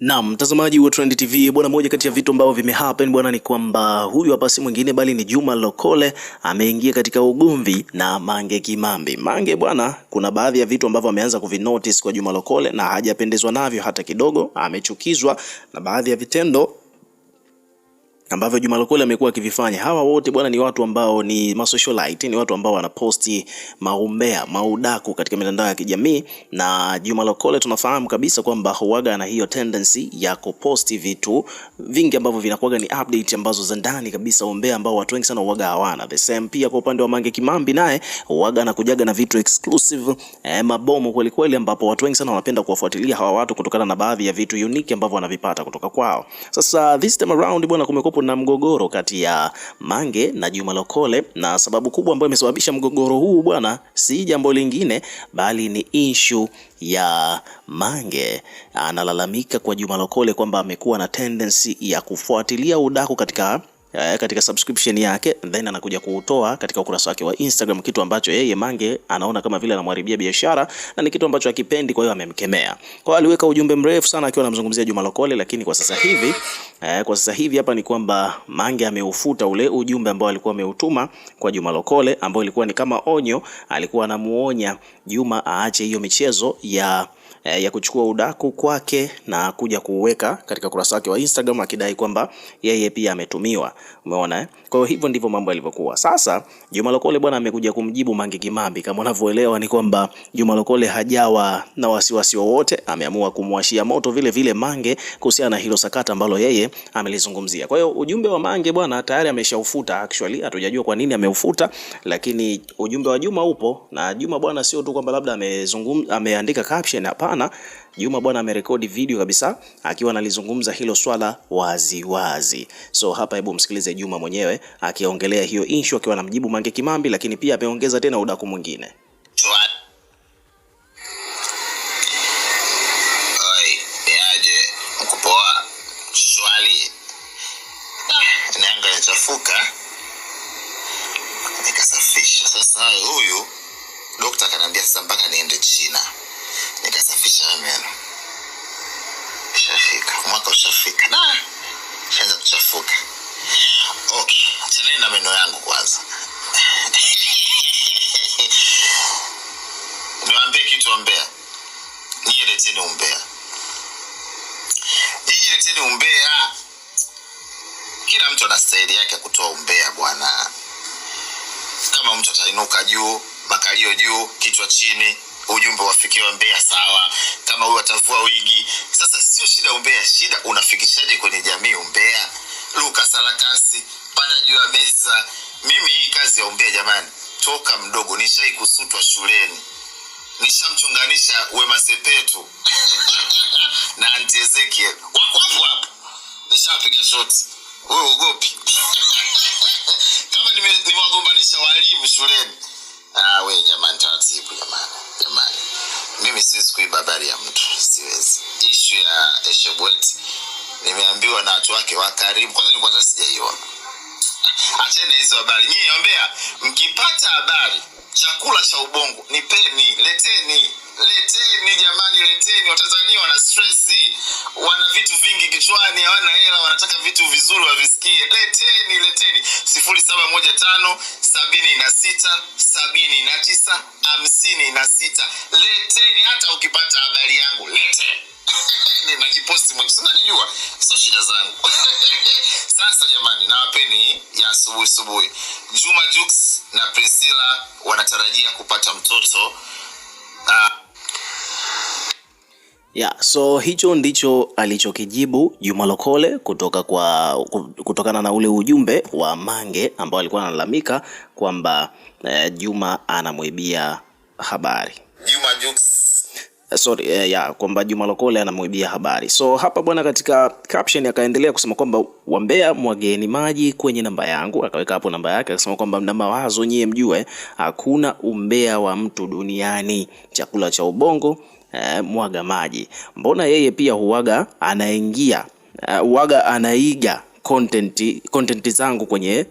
Na mtazamaji wa Trend TV bwana, moja kati ya vitu ambavyo vimehappen bwana ni kwamba huyu hapa si mwingine bali ni Juma Lokole ameingia katika ugomvi na Mange Kimambi. Mange bwana, kuna baadhi ya vitu ambavyo ameanza kuvinotice kwa Juma Lokole na hajapendezwa navyo hata kidogo, amechukizwa na baadhi ya vitendo ambavyo Juma Lokole amekuwa akivifanya. Hawa wote bwana ni watu ambao ni masocialite, ni watu ambao wanaposti maumbea, maudaku katika mitandao ya kijamii, na Juma Lokole tunafahamu kabisa kwamba huaga na hiyo tendency ya kuposti vitu vingi ambavyo vinakuwa ni update ambazo za ndani kabisa, umbea ambao watu wengi sana huaga hawana. The same pia kwa upande wa Mange Kimambi, naye huaga na kujaga na vitu exclusive eh, mabomu kweli kweli, ambapo watu wengi sana wanapenda kuwafuatilia hawa watu kutokana na baadhi ya vitu unique ambavyo wanavipata kutoka kwao. Sasa this time around bwana kumekuwa kuna mgogoro kati ya Mange na Juma Lokole, na sababu kubwa ambayo imesababisha mgogoro huu bwana, si jambo lingine bali ni issue ya Mange analalamika kwa Juma Lokole kwamba amekuwa na tendency ya kufuatilia udaku katika eh, katika subscription yake then anakuja kuutoa katika ukurasa wake wa Instagram, kitu ambacho yeye Mange anaona kama vile anamharibia biashara na ni kitu ambacho akipendi Kwa hiyo amemkemea. Kwa hiyo aliweka ujumbe mrefu sana akiwa anamzungumzia Juma Lokole, lakini kwa sasa hivi Eh, kwa sasa hivi hapa ni kwamba Mange ameufuta ule ujumbe ambao alikuwa ameutuma kwa Juma Lokole ambao ilikuwa ni kama onyo, alikuwa anamuonya Juma aache hiyo michezo ya eh, ya kuchukua udaku kwake na kuja kuuweka katika kurasa wake wa Instagram akidai kwamba yeye pia ametumiwa. Umeona eh? Kwa hiyo hivyo ndivyo mambo yalivyokuwa. Sasa Juma Lokole bwana amekuja kumjibu Mange Kimambi, kama unavyoelewa ni kwamba Juma Lokole hajawa na wasiwasi wowote, ameamua kumwashia moto vile vile Mange kuhusiana na hilo sakata ambalo yeye amelizungumzia. Kwa hiyo ujumbe wa Mange bwana tayari ameshaufuta actually, hatujajua kwa nini ameufuta, lakini ujumbe wa Juma upo na Juma bwana sio tu kwamba labda amezungumza ameandika caption, hapana. Juma bwana amerekodi video kabisa akiwa analizungumza hilo swala wazi wazi. So hapa hebu msikilize Juma mwenyewe akiongelea hiyo issue akiwa anamjibu Mange Kimambi, lakini pia ameongeza tena udaku mwingine. ikachafuka nikasafisha. Sasa huyu dokta akaniambia sasa mpaka niende China, nikasafisha meno. Ushafika mwaka, ushafika na shaanza kuchafuka. ok achaneni na meno yangu kwanza. Niwaambie kitu ambea, nyie leteni umbea, nyinyi leteni umbea kila mtu ana staili yake kutoa umbea bwana. Kama mtu atainuka juu, makalio juu, kichwa chini, ujumbe wafikiwa mbea sawa. Kama huyu atavua wigi. Sasa sio shida umbea, shida unafikishaje kwenye jamii umbea. Luka sarakasi, pana juu ya meza. Mimi hii kazi ya umbea jamani, toka mdogo nishai kusutwa shuleni, nishamchunganisha Wema Sepetu na Anti Ezekiel wapo hapo nishapiga shoti wewe ugopi kama niwagombanisha walimu shuleni. Ah, we jamani, taratibu jamani, jamani, mimi siwezi kuiba habari ya mtu, siwezi. Ishu ya Eshebweti nimeambiwa na watu wake wa karibu, kwanza nilikuwa sijaiona. Acheni hizo habari nyinyi, ombea mkipata habari, chakula cha ubongo nipeni, leteni leteni jamani, leteni. Watanzania wana stress, wana vitu vingi kichwani, hawana hela, wanataka vitu vizuri wavisikie. Leteni, leteni. sifuri saba moja tano sabini na sita sabini na tisa hamsini na sita. Leteni, hata ukipata habari yangu leteni. Ninajiposti mwenyewe, sinanijua, sio shida zangu. Sasa jamani, nawapeni ya asubuhi subuhi. Juma Jux na Priscilla wanatarajia kupata mtoto. Uh, Yeah, so hicho ndicho alichokijibu Juma Lokole kutoka kwa, kutokana na ule ujumbe wa Mange ambao alikuwa analalamika kwamba eh, Juma anamwibia habari. Juma Jux. Eh, sorry, eh, ya kwamba Juma Lokole anamwibia habari. So hapa bwana, katika caption akaendelea kusema kwamba wambea mwageni maji kwenye namba yangu, akaweka hapo namba yake, akasema kwamba mna mawazo nyie, mjue hakuna umbea wa mtu duniani, chakula cha ubongo eh, mwaga maji. Mbona yeye pia huwaga anaingia eh, huwaga anaiga content, content zangu kwenye,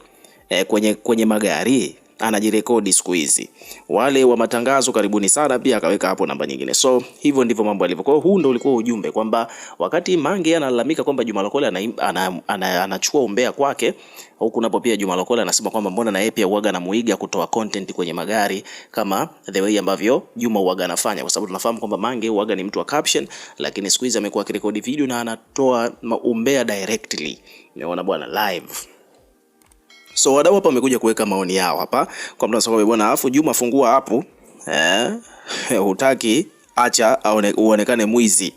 eh, kwenye, kwenye magari anajirekodi siku hizi. Wale wa matangazo karibuni sana pia akaweka hapo namba nyingine. So hivyo ndivyo mambo yalivyo. Kwa hiyo huu ndio ulikuwa ujumbe kwamba wakati Mange analalamika kwamba Juma Lokole anachukua ana, umbea kwake, huku napo pia Juma Lokole anasema kwamba mbona na yeye pia uaga na muiga kutoa content kwenye magari kama the way ambavyo Juma uaga anafanya, kwa sababu tunafahamu kwamba Mange uaga ni mtu wa caption, lakini siku hizi amekuwa akirekodi video na anatoa umbea directly. Umeona bwana live. So wadau hapa wamekuja kuweka maoni yao hapa, kwa mtu anasema bwana, afu Juma fungua hapo eh, hutaki acha uonekane mwizi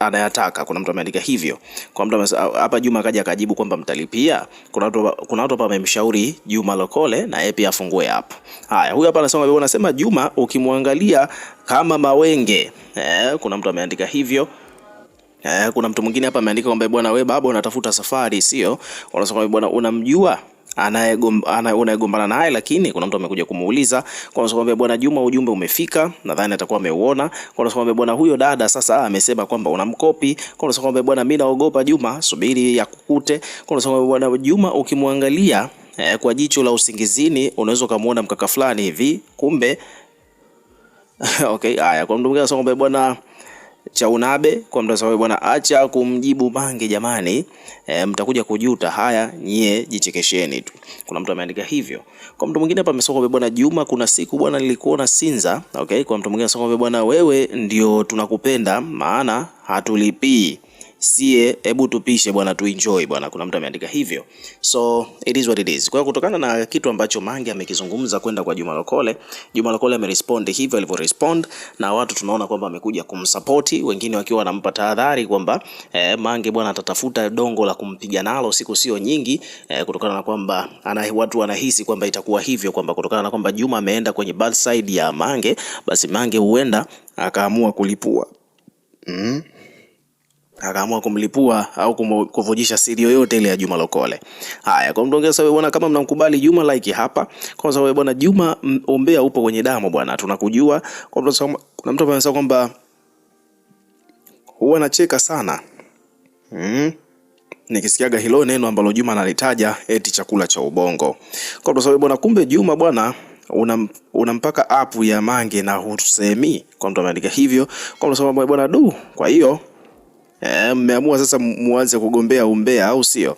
anayataka kuna mtu ameandika hivyo. Kwa mtu hapa Juma akaja akajibu kwamba mtalipia. Kuna watu kuna watu hapa wamemshauri Juma Lokole na yeye pia afungue hapo. Haya, huyu hapa anasema bwana, sema Juma ukimwangalia kama mawenge eh, kuna mtu ameandika hivyo. Eh, kuna mtu mwingine hapa ameandika kwamba bwana, wewe baba unatafuta safari sio? Unasema bwana, unamjua unayegombana naye, lakini kuna mtu amekuja kumuuliza kwa sababu kwamba bwana Juma, ujumbe umefika, nadhani atakuwa ameuona. Kwa sababu Kwamba bwana huyo dada sasa amesema kwamba unamkopi. Kwa sababu Kwamba bwana mimi naogopa Juma, subiri ya kukute. Kwa sababu Kwamba bwana Juma ukimwangalia eh, kwa jicho la usingizini unaweza ukamwona mkaka fulani hivi, kumbe okay, haya, kwa mtu mwingine anasema kwamba bwana Chaunabe kwa mtazamo wake bwana, acha kumjibu Mange jamani, e, mtakuja kujuta. Haya nyie jichekesheni tu. Kuna mtu ameandika hivyo. Kwa mtu mwingine hapa amesoma bwana Juma, kuna siku bwana nilikuona Sinza. Okay, kwa mtu mwingine amesoma bwana, wewe ndio tunakupenda maana hatulipii sie, hebu tupishe bwana, tuenjoy bwana. Kuna mtu ameandika hivyo, so it is what it is. Kwa kutokana na kitu ambacho Mange amekizungumza kwenda kwa Juma Lokole, Juma Lokole amerespond hivyo alivyo respond, na watu tunaona kwamba amekuja kumsupport, wengine wakiwa wanampa tahadhari kwamba eh, Mange bwana atatafuta dongo la kumpiga nalo siku sio nyingi eh, kutokana na kwamba ana watu wanahisi kwamba itakuwa hivyo kwamba kutokana na kwamba Juma ameenda kwenye bad side ya Mange, basi Mange huenda akaamua kulipua mm akaamua kumlipua au kuvujisha siri yoyote ile ya Juma Lokole. Haya, kwa mdongeza wewe bwana, kama mnamkubali Juma like hapa kwanza. Wewe bwana Juma, ombea upo kwenye damu bwana, tunakujua. Kwa mtu Kuna mtu amesema kwamba huwa anacheka sana mm. Nikisikiaga hilo neno ambalo Juma analitaja eti chakula cha ubongo. Kwa sababu bwana, kumbe Juma bwana una, una app ya Mange na husemi, kwa mtu ameandika hivyo kwa sababu bwana du, kwa hiyo Eh, mmeamua sasa muanze kugombea umbea au sio?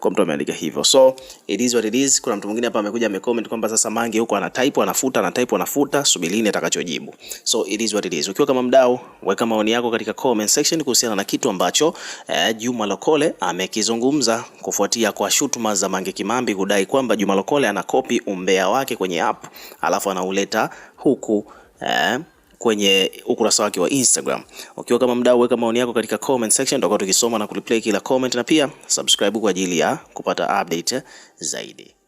Kwa mtu ameandika hivyo, so it is what it is. Kuna mtu mwingine hapa amekuja amecomment kwamba sasa Mange huko ana type anafuta, na type anafuta, subirini atakachojibu. So it is what it is. Ukiwa kama mdau, weka maoni yako katika comment section kuhusiana na kitu ambacho eh, Juma Lokole amekizungumza kufuatia kwa shutuma za Mange Kimambi kudai kwamba Juma Lokole anakopi umbea wake kwenye app alafu anauleta huku eh, kwenye ukurasa wake wa Instagram. Ukiwa kama mdau, weka maoni yako katika comment section, tutakuwa tukisoma na kuliplay kila comment, na pia subscribe kwa ajili ya kupata update zaidi.